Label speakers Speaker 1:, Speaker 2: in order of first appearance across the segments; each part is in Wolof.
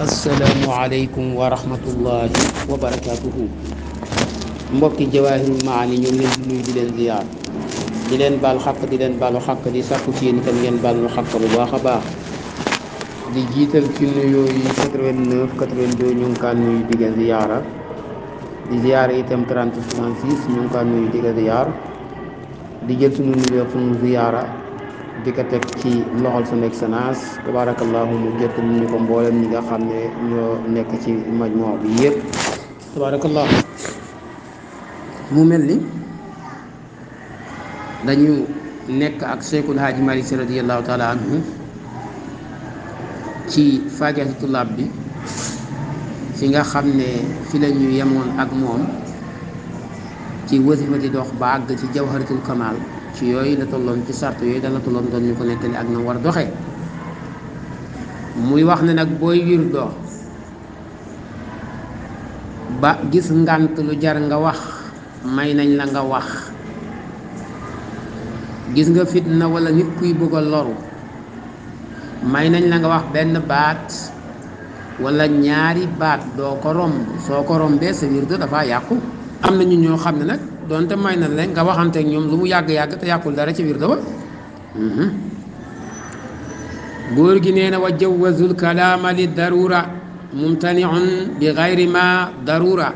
Speaker 1: asalaamualeykum wa rahmatullahi wa barakaatuhu mbokki jawaahirul maani ñoo ngi leen di nuyu di leen ziyaar di leen baal xaq di leen baalu xaq di sàkku ci yéen itam ngeen baal ñu xaq bu baax a baax di jiital ci nuyoo yi 89 82 ñu ngi kaa nuyu di leen ziyaara di ziyaara itam 30 66 ñu ngi kaa nuyu di ziyaar di jël sunu nuyoo fu mu ziyaara di ko teg ci loxol son excellence tabaarakallaahu mu jot ñu ko mboolem ñi nga xam ne ñoo nekk ci majmuu bi yëpp tabaarakallaahu mu mel ni dañu nekk ak Cheikhul Haaji Malick Sy radiyallaahu anhu ci faajati tullaab bi fi nga xam ne fi la ñu yemoon ak moom ci wasifa di dox ba àgg ci jawharatul kamal yooyu la tolloon ci sart yooyu dana tolloon doon ñu ko nettali ak na war doxee muy wax ne nag booy wirdo ba gis ngànt lu jar nga wax may nañ la nga wax gis nga fitna walla nit kuy bëgg loru may nañ la nga wax benn baat walla ñaari baat doo ko romb soo ko rombee sa wirdo dafa yàqu am na ñu ñoo xam ne nag doonte may na la nga waxanteeg ñoom lu mu yàgg-yàgg te yàqul dara ci biir da ba mhm. góor gi nee na wa jawazul kalaama li darura mumtaniun bi xayri darura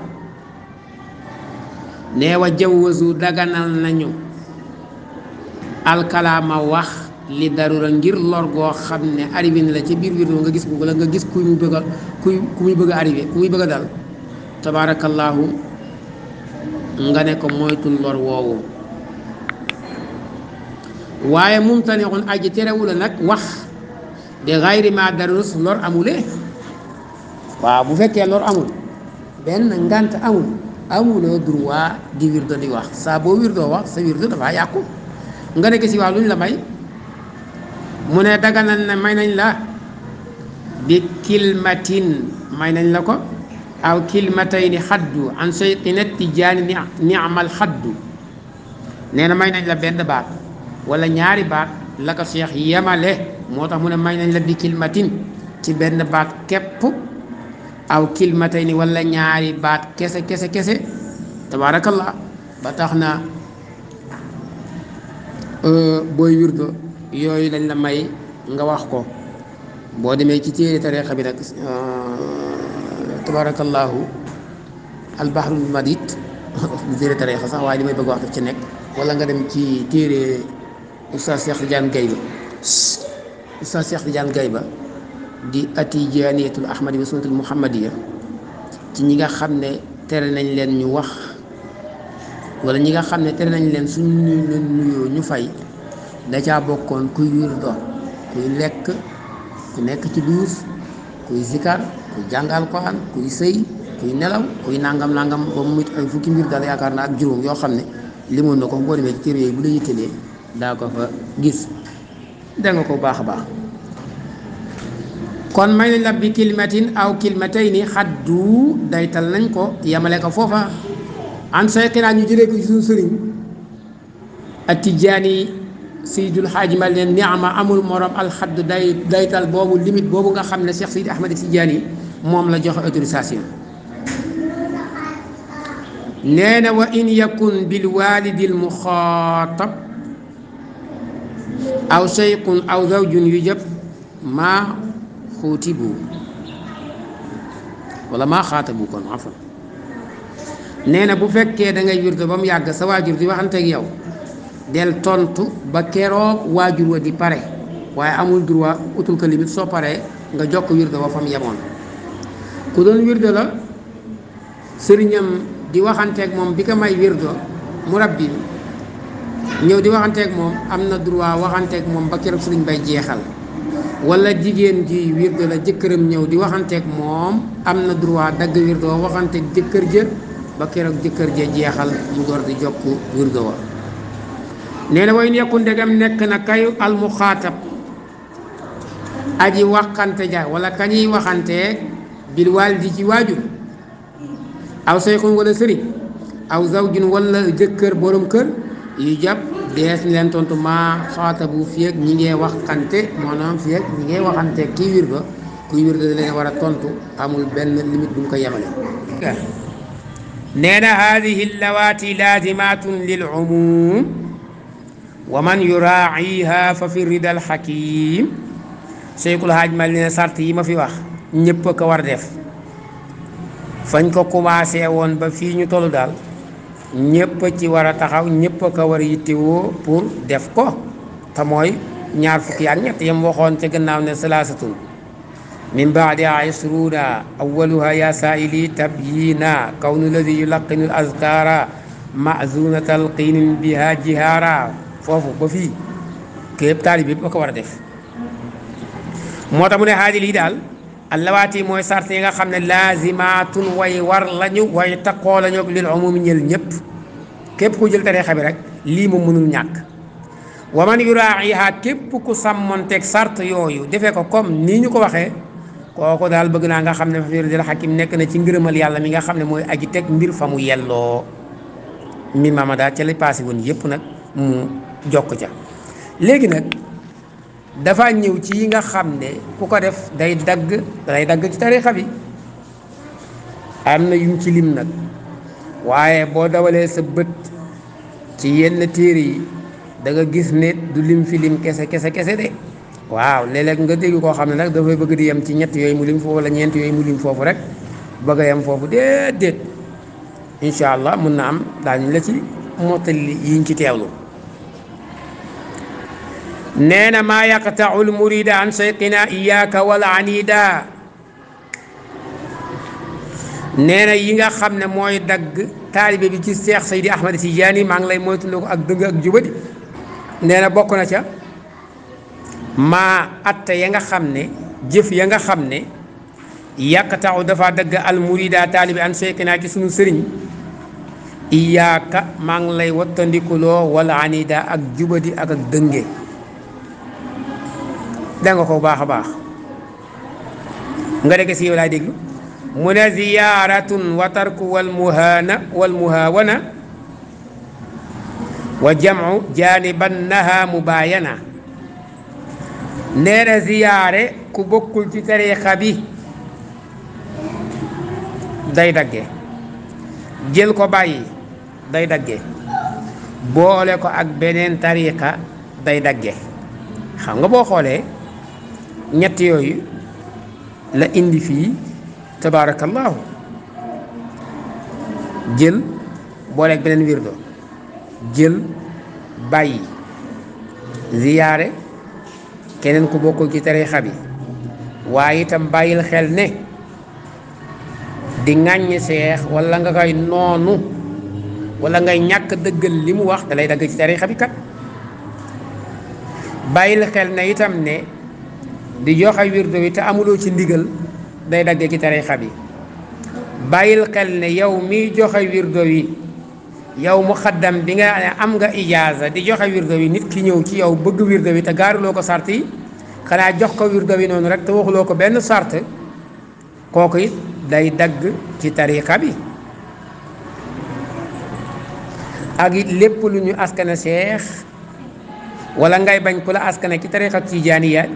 Speaker 1: nee wa jawazu daganal nañu alkalaama wax li darura ngir lor goo xam ne arrivé ni la ci biir wirdo nga nga gis ku muy bëgg a ku muy bëgg dal tabaarakallaahu nga ne ko moytul lor woowu waaye mumtanixun aji terewul a nag wax de xayri ma darus lor amule waaw bu fekkee lool amul benn ngànt amul amuloo droit di wirdo di wax saa boo wirdoo wax sa wirdo dafa yàqu nga ne si waaw luñ la may mu ne daganal ne may nañ la bi kilmatin may nañ la ko aw kilimatayni xaddu an sayqina tijaani niamal xaddu nee na may nañ la benn baat wala ñaari baat la ko seex yemale moo tax mu ne may nañ la bi kilmatin ci benn baat kepp aw ni wala ñaari baat kese kese kese tabaarakallah ba tax na euh, booy wirdo yooyu lañ la may nga wax ko boo demee ci téere tarixa bi nag tabaarakallaahu albahrul madid bu téere tariixa sax waaye li may bëgg wax ci nekk wala nga dem ci téere oustaz Cheikh Tidiane Gaye ba oustaz Cheikh Tidiane ba di atijaaniyatul ahmadi wa sunnatul muhammadiya ci ñi nga xam ne tere nañ leen ñu wax wala ñi nga xam ne tere nañ leen suñ ñu leen nuyoo ñu fay da caa bokkoon kuy wirdo kuy lekk ku nekk ci duus kuy zikar kuy jàng alquran kuy sëy kuy nelaw kuy nangam nangam ba mu ay fukki mbir yaakaar na ak juróom yoo xam ne limoon na ko boo demee ci téere yooyu bu la yittelee daa ko fa gis danga ko baax a baax kon may nañ la bi kilimatin aw kilimatayni xaddu daytal nañ ko yemale ko foofa an sayqinaa ñu jëlee ko ci suñu sëriñ atijaani Seydul Xaaji Maalik ne neama amul morom alxaddu day daytal boobu limite boobu nga xam ne Cheikh Seydi Ahmad Tijaani moom la joxe autorisation nee na wa in yakun bil walidi l muxaatab aw sheyqun aw zawjun yu jëpp maa xuutibu wala maa xaatabu kon afan nee na bu fekkee dangay ngay wirde ba mu yàgg sa waajur di waxanteeg yow del tontu ba keroog waajur wa di pare waaye amul droit utul ko soo paree nga jokk wirde wa fa mu yemoon ku doon wirdo la sëriñam di waxanteeg moom bi ko may wirdo mu rabbi ñëw di waxanteeg moom am na droit waxanteeg moom ba keroog sëriñ bay jeexal walla jigéen ji wirdo la jëkkëram ñëw di waxanteeg moom am na droit dagg wirdo waxanteeg jëkkër jër ba keroog jëkkër ja jeexal mu door di jokk wirdo wa nee na way nekku ndegam nekk na kay almuxaatab aji waxante ja wala kañuy waxante bil waalidi ci waajur aw seyxun wala sëriñ aw zawjun wala jëkkër borom kër yi jàpp dees ni leen tontu maa xaatabu fii ak ñi ngee waxante maanaam fii ak ñi ngee waxante kii wir ba kuy da leen war a tontu amul benn limite bu ñu ko yemale nee na haadihi lawaati lil umum wa man yuraaciha fa fi ridal xakim Seykul Haaj Maalik nee na sart yi ma fi wax ñëpp ko war a def fañ ko commencé woon ba fii ñu toll daal ñëpp ci war a taxaw ñëpp ko war a yittewoo pour def ko te mooy ñaar fukki ak ñett yam waxoon ca gannaaw ne salaasatun min baadiha isruuna awaluha ya saaili tabyiina kawnu ladi yulaqinu l azkaara maazuna talqinin biha jihaara foofu ba fii képp taalib yëpp a ko war a def moo tax mu ne xaajal yi daal allawaati mooy sart yi nga xam ne laazimaatun way war lañu way taqoo lañu lil umumi ñël ñëpp képp ku jël tariixa bi rek lii moom mënul ñàkk wa man yuraaxiha képp ku teg sart yooyu defee ko comme nii ñu ko waxee kooku daal bëgg naa nga xam ne fafir dil xakim nekk na ci ngërëmal yàlla mi nga xam ne mooy aji teg mbir fa mu yelloo mi mama daal ca li passé woon yëpp nag mu jokk ca léegi nag dafa ñëw ci yi nga xam ne ku ko def day dagg day dagg ci tarixa bi am na yuñ ci lim nag waaye boo dawalee sa bët ci yenn téere yi danga gis ne du lim fi lim kese kese kese de waaw léeg nga dégg koo xam ne nag dafay bëgg di yem ci ñett yooyu mu lim foofu wala ñeent yooyu mu lim foofu rek bëgg yam foofu foofu déedéet incha allah mun na am daañu la ci mottali yiñ ci teewlu. nee na maa yaqtau lmurida an sayqina iyaaka wala anida nee na yi nga xam ne mooy dagg taalibe bi ci Seex Seydi Ahmad Tijaani maa ngi lay moytuloo ko ak dëgg ak jubadi nee na bokk na ca maa atta ya nga xam ne jëf ya nga xam ne yàqtau dafa dagg almurida taalibe an sayqina ci sunu sëriñ iyaaka maa ngi lay wattandikuloo wala anida ak jubadi ak ak dënge da nga ko baax a baax nga dëgg si yow laay déglu mu ne ziyaaratun wa tarku wal muhaana wal muhaawana wa jamu jaaniban naha mubaayana nee ziyaare ku bokkul ci tariixa bi day dagge jël ko bàyyi day dagge boole ko ak beneen tariixa day dagge xam nga boo xoolee ñett yooyu la indi fii tabaarakallaahu jël booleeg beneen wirdo jël bàyyi ziyaare keneen ku bokkul ci tariixa bi waaye itam bàyyil xel ne di ŋàññi seex walla nga koy noonu walla ngay ñàkk dëggal li mu wax da lay dagg ci tariixa bi kat bàyyil xel ne itam ne di joxe wirdo wi te amuloo ci ndigal day dagge ci tariixa bi bàyyil xel ne yow miy joxe wirdo wi yow mu xaddam bi nga am nga ijaaza di joxe wirdo wi nit ki ñëw ci yow bëgg wirdo wi te gaaruloo ko sart yi xanaa jox ko wirdo wi noonu rek te waxuloo ko benn sart kooku it day dagg ci tariixa bi ak it lépp lu ñu askane seex wala ngay bañ ku la askane ci tariixa ya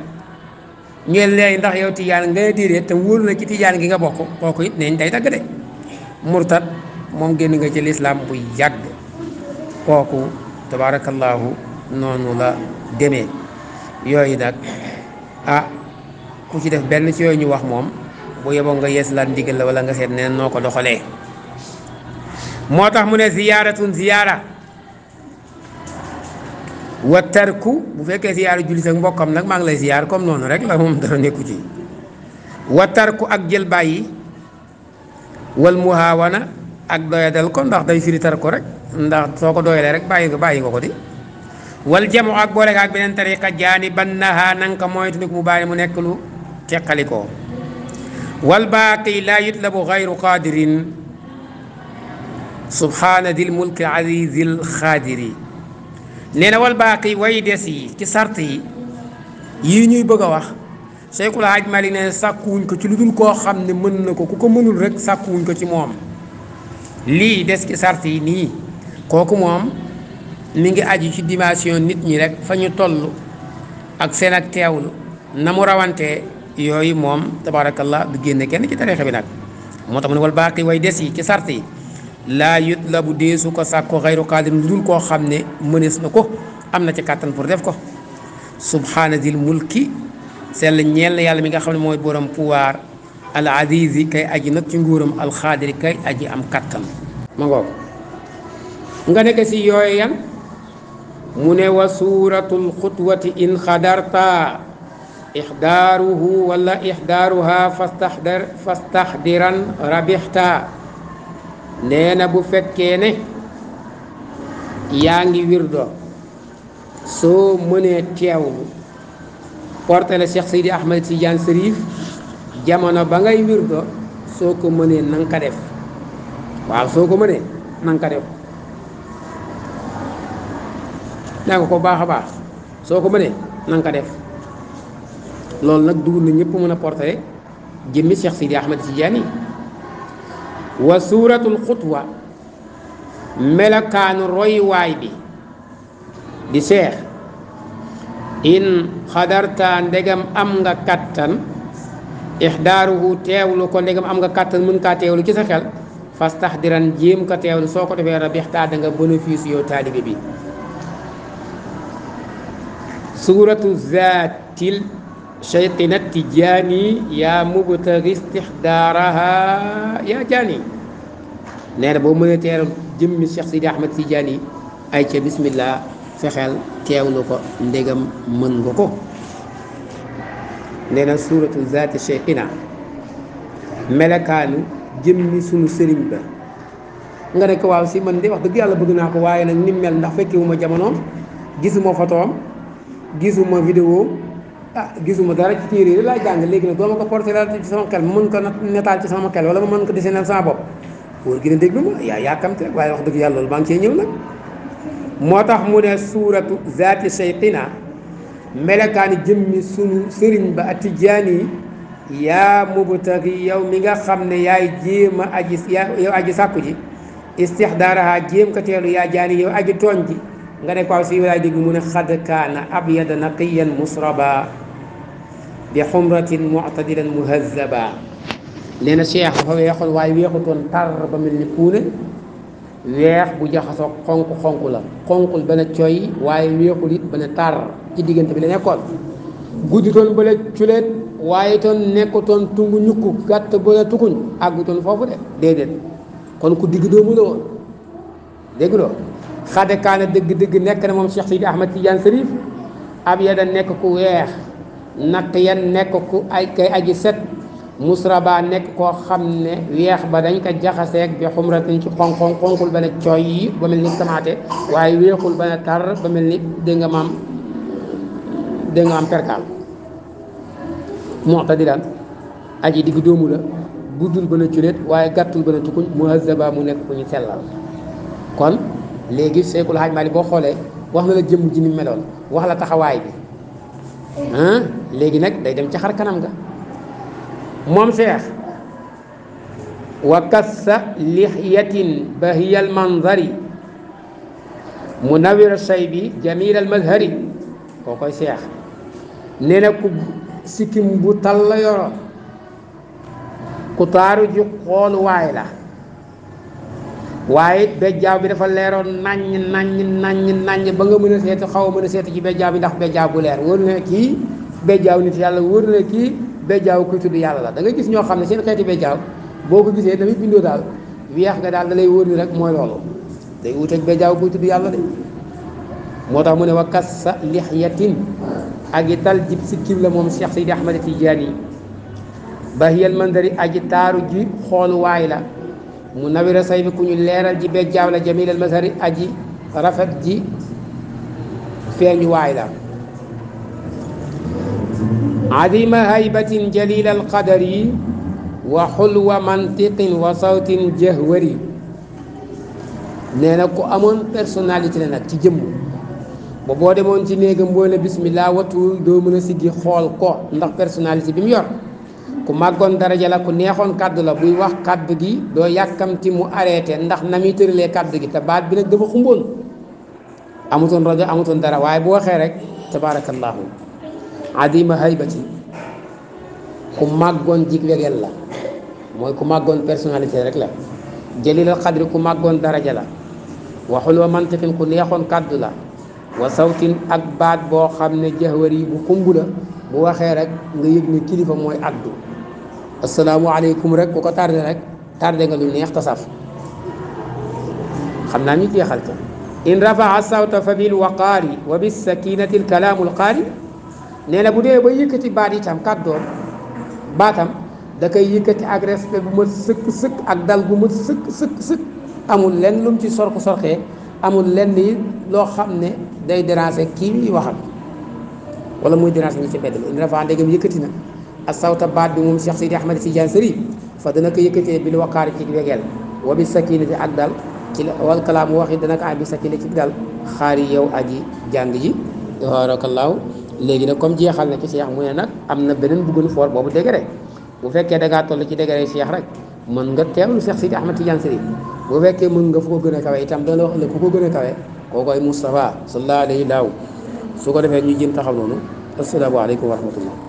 Speaker 1: ngeen lay ndax yow tijaan nga déedéet te wóor na ci tijaan gi nga bokk kooku it neñ day dagg de murtat moom génn nga ci lislaam bu yàgg kooku tabaarakallaahu noonu la demee yooyu nag ah ku ci def benn ci yooyu ñu wax moom bu yeboo nga yees laan ndigal la wala nga seet neen noo ko doxalee moo tax mu ne ziyaaratun ziyaara wa tarku bu fekkee ziyaara jullit ak mbokkam nag maa ngi lay ziyaar comme noonu rek la moom dara nekku ci wa tarku ak jël bàyyi wal muhaawana ak doyadal ko ndax day firi ko rek ndax soo ko doyalee rek bàyyi nga bàyyi ko di wal jamu ak boole ak beneen tariqa jaani ban naha nanga moytu ndik mu bàyyi mu nekk lu ko wal baaqi laa yutlabu gayru qadirin subhaana dil mulki azizil xaadiri nee na wal baaqi way des yi ci sart yi yi ñuy bëgg a wax Cheikhul Hadj Malick ne sàkkuwuñ ko ci lu dul koo xam ne mën na ko ku ko mënul rek sàkkuwuñ ko ci moom lii des ci sart yi nii kooku moom mi ngi aju ci dimension nit ñi rek fa ñu toll ak seen ak teewlu na mu rawantee yooyu moom tabarakallah du génne kenn ci tariixa bi nag moo tax mu ne wal baaqi way des yi ci sart yi laa yutlabu deesu ko sàkko xayru qaadim lu koo xam ne mënees na ko am na ci kàttan pour def ko subhaana dil mulki sell ñeel yàlla mi nga xam ne mooy borom pouvoir al azizi kay aji nag ci nguuram al xaadiri kay aji am kàttan ma nga nekk si yooyu yan mu ne wa suuratul xutwati in xadarta ixdaaruhu wala ixdaaruha fastaxdiran rabixta nee na bu fekkee ne yaa ngi wirdo soo mënee teewlu portele Cheikh Seydi Ahmed Tidiane Cherif jamono ba ngay wirdo soo ko mënee na ko def waaw soo ko mënee na ko def naa ko baax a baax soo ko mënee na ko def loolu nag dugg na ñëpp mën a portele jëmmi Cheikh Seydi Ahmed Tidiane yi wa suuratu xutwa melokaanu roywaay bi di seex in xadarta ndegam am nga kattan ixdaaruhu teewlu ko ndegam am nga kattan mën kaa teewlu ci sa xel fas tax diran jéem ko teewlu soo ko defee rabix taa da nga bénéfice yow taalibe bi suuratu zaatil cheytina tijaani yaa mubtari istixdaaraha yaa jaani nee na boo mënee teeral jëmmi Cheikh Sidi Ahmed Tijaani yi ay ca bismillah fexeel teewlu ko ndegam mën nga ko nee na suuratu zaati cheytina melekaanu jëmmi sunu sëriñ ba nga ne waaw si mën de wax dëgg yàlla bëgg naa ko waaye nag ni mel ndax fekkewuma jamonoom gisuma photoom gisuma vidéo ah gisuma dara ci téere yi laa jàng léegi nag doo ma ko porté daal ci sama xel ma mën ko netaal ci sama xel wala ma mën ko dessiné sama bopp wóor gi ne déglu ma yaa yàkkamte waaye wax dëgg yàlla loolu maa ngi cee ñëw nag moo tax mu ne suuratu zaati seyxina melekaani jëmmi sunu sëriñ ba atijaani yi yaa mubtagi yow mi nga xam ne yaay jéem a aji yow aji sàkku ji istixdaaraha jéem ko teelu yaa jaani yow aj tooñ ji nga ne ko waaw si walaay dégg mu ne xad kaana abyada naqiyan musraba bi xumratin muctadilan muhazaba nee na cheikh dafa weexoon waaye weexutoon tar ba mel ni kuune weex bu jaxasoo xonq xonq la xonqul ba coy waaye weexul it ba ne ci diggante bi la nekkoon guddutoon ba la culeet waaye itoon nekkutoon tungu ñukku gàtt ba la àggutoon foofu de déedéet kon ku digg doomu la woon dégg xade kaana dëgg-dëgg nekk na moom Cheikh Sidi Ahmad Tidiane Sërif ab yada nekk ku weex naq yan nekk ku ay kay aji set musraba nekk koo xam ne weex ba dañ ko jaxaseeg bi xumratin ci xonxon xonqul ba ne cooy yi ba mel ni tamaate waaye weexul ba ne tar ba mel ni dégg nga maam dégg nga maam perkaal aji digg doomu la guddul ba ne culeet waaye gàttul ba ne tukuñ muhazzaba mu nekk ku ñu sellal léegi Seexul Hajj Maalik boo xoolee wax na la jëmm ji ni meloon wax la taxawaay bi léegi nag day dem ci xar kanam nga moom seex wa kassa lixyatin bahiya almanzari munawir shaybi jamil almazhari koo koy seex nee na ku sikkim bu tal la yoroon ku taaru ji xooluwaay la waaye it bejjaaw bi dafa leeroon naññ nañ naññ naññ ba nga mën a seetu xaw a mën a seetu ci bejjaaw bi ndax bejjaaw bu leer wóor na kii bejjaaw nit yàlla wóor na kii bejjaaw kuy tudd yàlla la da nga gis ñoo xam ne seen xeeti bejjaaw boo ko gisee damay bindoo daal weex nga daal da lay wóor ni rek mooy loolu day wuteeg bejjaaw kuy tudd yàlla de moo tax mu ne wa kassa lixyatin yi tal jib sikkim la moom Cheikh Sidi Ahmad Tidiane yi bahiyal mandari aji taaru ji xooluwaay la mu nawira say bi ku ñu leeral ji bej jaaw la jamilal masari ji rafet ji feeñu waay la adima haybatin jalil alqadari wa xulwa mantiqin wa sawtin jahwari nee nag ko amoon personnalité la nag ci jëmm ba boo demoon ci néegam boo ne bismillah wattuwul doo mën a siggi xool ko ndax personnalité bi mu yor ku màggoon daraja la ku neexoon kàddu la buy wax kàddu gi doo yàkkamti mu arrêté ndax na muy tëralee kàddu gi te baat bi nag dafa xumboon amutoon rajo amutoon dara waaye bu waxee rek tabaarakallaahu adima haybati ku màggoon jig wegel la mooy ku màggoon personnalité rek la jalil al xadri ku màggoon daraja la waxul wa mantiqin ku neexoon kàddu la wa sawtin ak baat boo xam ne jahwari bu kumb la bu waxee rek nga yëg ne kilifa mooy addu asalaamualeykum rek ku ko tardé rek tardé nga lu neex tasaf xam naa ñu jeexal ca in rafaa sawta fa bil waqaari wa bis sakinati l kalaamu l qaari nee na bu dee ba yëkkati baat itam kàddoom baatam da koy yëkkati ak respect bu mat sëkk sëkk ak dal bu mat sëkk sëkk sëkk amul lenn lu mu ci sorku sorxee amul lenn yi loo xam ne day déranger kii muy waxal wala muy déranger ñi ci mbedd in rafaa ndegam yëkkati na ak sawta baat bi moom Cheikh Sidi Ahmed Tidiane Sëri fa dana ko yëkkatee bil waqaari ci wegeel wa bi sakinati ak dal ci wal kalaam waxi dana ko am bi sakinati ci dal xaari yow aji jàng ji tabaarakallaahu léegi nag comme jeexal na ci Cheikh mu ne nag am na beneen bu gën a fort boobu degré bu fekkee da ngaa toll ci degré Cheikh rek mën nga teewlu Cheikh Sidi Ahmed Tidiane Sëri bu fekkee mën nga fu ko gën a kawe itam dana wax la ku ko gën a kawe kookoy Moustapha sallallahu alayhi wa su ko defee ñu jëm taxaw noonu asalaamaaleykum wa rahmatullah